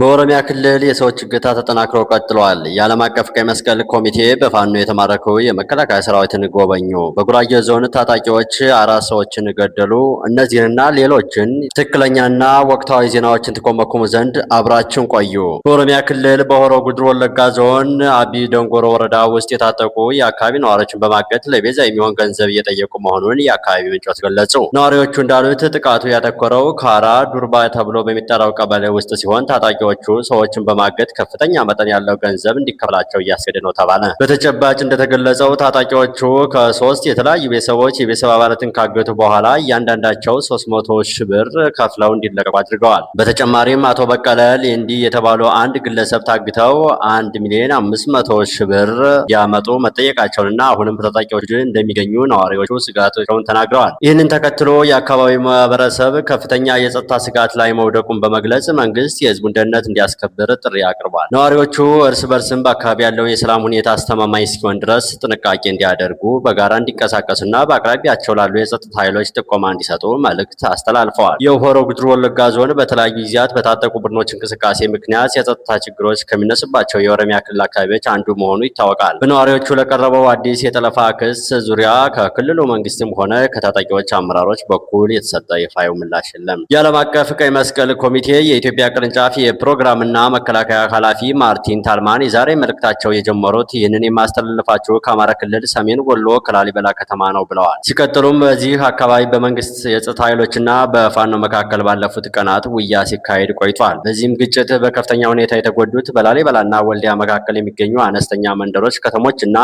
በኦሮሚያ ክልል የሰዎች እገታ ተጠናክሮ ቀጥሏል። የዓለም አቀፍ ቀይ መስቀል ኮሚቴ በፋኖ የተማረኩ የመከላከያ ሰራዊትን ጎበኙ። በጉራጌ ዞን ታጣቂዎች አራት ሰዎችን ገደሉ። እነዚህንና ሌሎችን ትክክለኛና ወቅታዊ ዜናዎችን ትቆመኩሙ ዘንድ አብራችን ቆዩ። በኦሮሚያ ክልል በሆሮ ጉድር ወለጋ ዞን አቢ ደንጎሮ ወረዳ ውስጥ የታጠቁ የአካባቢ ነዋሪዎችን በማገት ለቤዛ የሚሆን ገንዘብ እየጠየቁ መሆኑን የአካባቢ ምንጮች ገለጹ። ነዋሪዎቹ እንዳሉት ጥቃቱ ያተኮረው ካራ ዱርባ ተብሎ በሚጠራው ቀበሌ ውስጥ ሲሆን ታጣቂ ታጣቂዎቹ ሰዎችን በማገድ ከፍተኛ መጠን ያለው ገንዘብ እንዲከፈላቸው እያስገደ ነው ተባለ። በተጨባጭ እንደተገለጸው ታጣቂዎቹ ከሶስት የተለያዩ ቤተሰቦች የቤተሰብ አባላትን ካገቱ በኋላ እያንዳንዳቸው 300 ሺህ ብር ከፍለው እንዲለቀቁ አድርገዋል። በተጨማሪም አቶ በቀለ ሌንዲ የተባሉ አንድ ግለሰብ ታግተው 1 ሚሊዮን 500 ሺህ ብር ያመጡ መጠየቃቸውንና አሁንም ታጣቂዎቹ እንደሚገኙ ነዋሪዎቹ ስጋቶቸውን ተናግረዋል። ይህንን ተከትሎ የአካባቢው ማህበረሰብ ከፍተኛ የጸጥታ ስጋት ላይ መውደቁን በመግለጽ መንግስት የህዝቡን ደህንነት ደህንነት እንዲያስከብር ጥሪ አቅርቧል። ነዋሪዎቹ እርስ በርስም በአካባቢ ያለው የሰላም ሁኔታ አስተማማኝ እስኪሆን ድረስ ጥንቃቄ እንዲያደርጉ፣ በጋራ እንዲንቀሳቀሱና በአቅራቢያቸው ላሉ የጸጥታ ኃይሎች ጥቆማ እንዲሰጡ መልእክት አስተላልፈዋል። የሆሮ ጉድሩ ወለጋ ዞን በተለያዩ ጊዜያት በታጠቁ ቡድኖች እንቅስቃሴ ምክንያት የጸጥታ ችግሮች ከሚነስባቸው የኦሮሚያ ክልል አካባቢዎች አንዱ መሆኑ ይታወቃል። በነዋሪዎቹ ለቀረበው አዲስ የጠለፋ ክስ ዙሪያ ከክልሉ መንግስትም ሆነ ከታጣቂዎች አመራሮች በኩል የተሰጠ ይፋዊ ምላሽ የለም። የዓለም አቀፍ ቀይ መስቀል ኮሚቴ የኢትዮጵያ ቅርንጫፍ የፕ ፕሮግራምና መከላከያ ኃላፊ ማርቲን ታልማን የዛሬ መልእክታቸው የጀመሩት ይህንን የማስተላለፋቸው ከአማራ ክልል ሰሜን ወሎ ከላሊበላ ከተማ ነው ብለዋል። ሲቀጥሉም በዚህ አካባቢ በመንግስት የጸጥታ ኃይሎችና በፋኖ መካከል ባለፉት ቀናት ውያ ሲካሄድ ቆይቷል። በዚህም ግጭት በከፍተኛ ሁኔታ የተጎዱት በላሊበላና ወልዲያ መካከል የሚገኙ አነስተኛ መንደሮች፣ ከተሞችና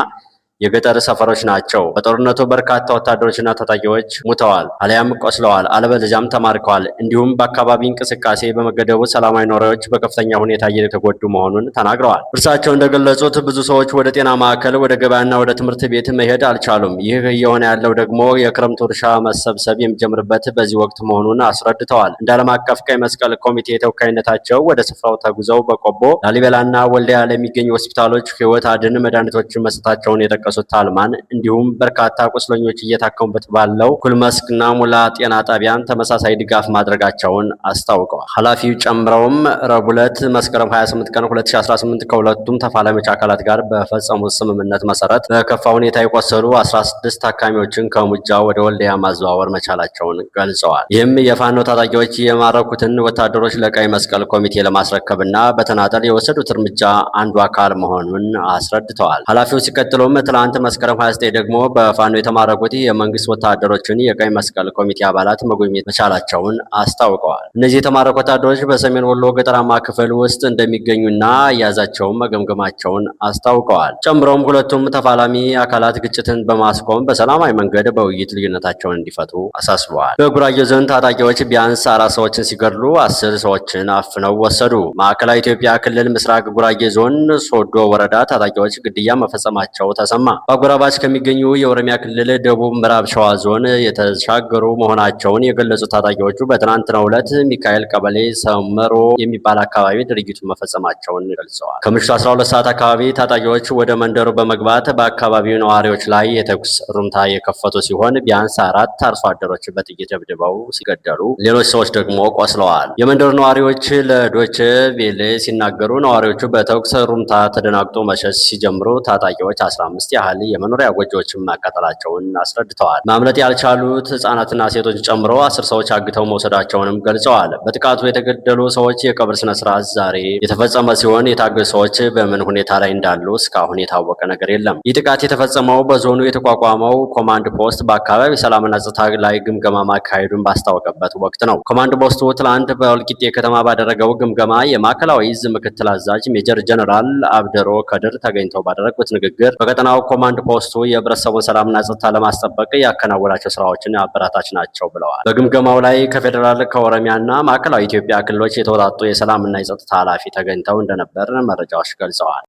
የገጠር ሰፈሮች ናቸው። በጦርነቱ በርካታ ወታደሮችና ታጣቂዎች ሙተዋል፣ አሊያም ቆስለዋል፣ አለበለዚያም ተማርከዋል። እንዲሁም በአካባቢ እንቅስቃሴ በመገደቡ ሰላማዊ ነዋሪዎች በከፍተኛ ሁኔታ እየተጎዱ መሆኑን ተናግረዋል። እርሳቸው እንደገለጹት ብዙ ሰዎች ወደ ጤና ማዕከል፣ ወደ ገበያና ወደ ትምህርት ቤት መሄድ አልቻሉም። ይህ እየሆነ ያለው ደግሞ የክረምቱ እርሻ መሰብሰብ የሚጀምርበት በዚህ ወቅት መሆኑን አስረድተዋል። እንደ ዓለም አቀፍ ቀይ መስቀል ኮሚቴ ተወካይነታቸው ወደ ስፍራው ተጉዘው በቆቦ ላሊበላና ወልዲያ ለሚገኙ ሆስፒታሎች ህይወት አድን መድኃኒቶችን መስጠታቸውን የጠቀሱ የደረሱት ታልማን እንዲሁም በርካታ ቁስለኞች እየታከሙበት ባለው ኩልመስክና ሙላ ጤና ጣቢያን ተመሳሳይ ድጋፍ ማድረጋቸውን አስታውቀዋል። ኃላፊው ጨምረውም ረቡዕ ዕለት መስከረም 28 ቀን 2018 ከሁለቱም ተፋላሚዎች አካላት ጋር በፈጸሙት ስምምነት መሰረት በከፋ ሁኔታ የቆሰሉ 16 ታካሚዎችን ከሙጃ ወደ ወልዲያ ማዘዋወር መቻላቸውን ገልጸዋል። ይህም የፋኖ ታጣቂዎች የማረኩትን ወታደሮች ለቀይ መስቀል ኮሚቴ ለማስረከብና በተናጠል የወሰዱት እርምጃ አንዱ አካል መሆኑን አስረድተዋል። ኃላፊው ሲቀጥሉም ትላንት መስከረም 29 ደግሞ በፋኖ የተማረኩት የመንግስት ወታደሮችን የቀይ መስቀል ኮሚቴ አባላት መጎብኘት መቻላቸውን አስታውቀዋል። እነዚህ የተማረኩ ወታደሮች በሰሜን ወሎ ገጠራማ ክፍል ውስጥ እንደሚገኙና አያዛቸውን መገምገማቸውን አስታውቀዋል። ጨምሮም ሁለቱም ተፋላሚ አካላት ግጭትን በማስቆም በሰላማዊ መንገድ በውይይት ልዩነታቸውን እንዲፈቱ አሳስበዋል። በጉራጌ ዞን ታጣቂዎች ቢያንስ አራት ሰዎችን ሲገድሉ አስር ሰዎችን አፍነው ወሰዱ። ማዕከላዊ ኢትዮጵያ ክልል ምስራቅ ጉራጌ ዞን ሶዶ ወረዳ ታጣቂዎች ግድያ መፈጸማቸው ተሰማ ተሰማ በአጎራባች ከሚገኙ የኦሮሚያ ክልል ደቡብ ምዕራብ ሸዋ ዞን የተሻገሩ መሆናቸውን የገለጹ ታጣቂዎቹ በትናንትናው ዕለት ሚካኤል ቀበሌ ሰመሮ የሚባል አካባቢ ድርጊቱን መፈጸማቸውን ገልጸዋል። ከምሽቱ 12 ሰዓት አካባቢ ታጣቂዎች ወደ መንደሩ በመግባት በአካባቢው ነዋሪዎች ላይ የተኩስ ሩምታ የከፈቱ ሲሆን ቢያንስ አራት አርሶ አደሮች በጥይት ደብድበው ሲገደሉ፣ ሌሎች ሰዎች ደግሞ ቆስለዋል። የመንደሩ ነዋሪዎች ለዶች ቬሌ ሲናገሩ ነዋሪዎቹ በተኩስ ሩምታ ተደናግጦ መሸሽ ሲጀምሩ ታጣቂዎች 15 ያህል የመኖሪያ ጎጆዎችን ማቃጠላቸውን አስረድተዋል። ማምለጥ ያልቻሉት ህጻናትና ሴቶች ጨምሮ አስር ሰዎች አግተው መውሰዳቸውንም ገልጸዋል። በጥቃቱ የተገደሉ ሰዎች የቀብር ስነስርዓት ዛሬ የተፈጸመ ሲሆን የታገዱ ሰዎች በምን ሁኔታ ላይ እንዳሉ እስካሁን የታወቀ ነገር የለም። ይህ ጥቃት የተፈጸመው በዞኑ የተቋቋመው ኮማንድ ፖስት በአካባቢ ሰላምና ጸጥታ ላይ ግምገማ ማካሄዱን ባስታወቀበት ወቅት ነው። ኮማንድ ፖስቱ ትላንት በወልቂጤ ከተማ ባደረገው ግምገማ የማዕከላዊ ይዝ ምክትል አዛዥ ሜጀር ጀነራል አብደሮ ከድር ተገኝተው ባደረጉት ንግግር በቀጠናው ኮማንድ ፖስቱ የህብረተሰቡን ሰላምና ጸጥታ ለማስጠበቅ ያከናወናቸው ስራዎችን አበራታች ናቸው ብለዋል። በግምገማው ላይ ከፌዴራል ከኦሮሚያና ማዕከላዊ ኢትዮጵያ ክልሎች የተወጣጡ የሰላምና የጸጥታ ኃላፊ ተገኝተው እንደነበር መረጃዎች ገልጸዋል።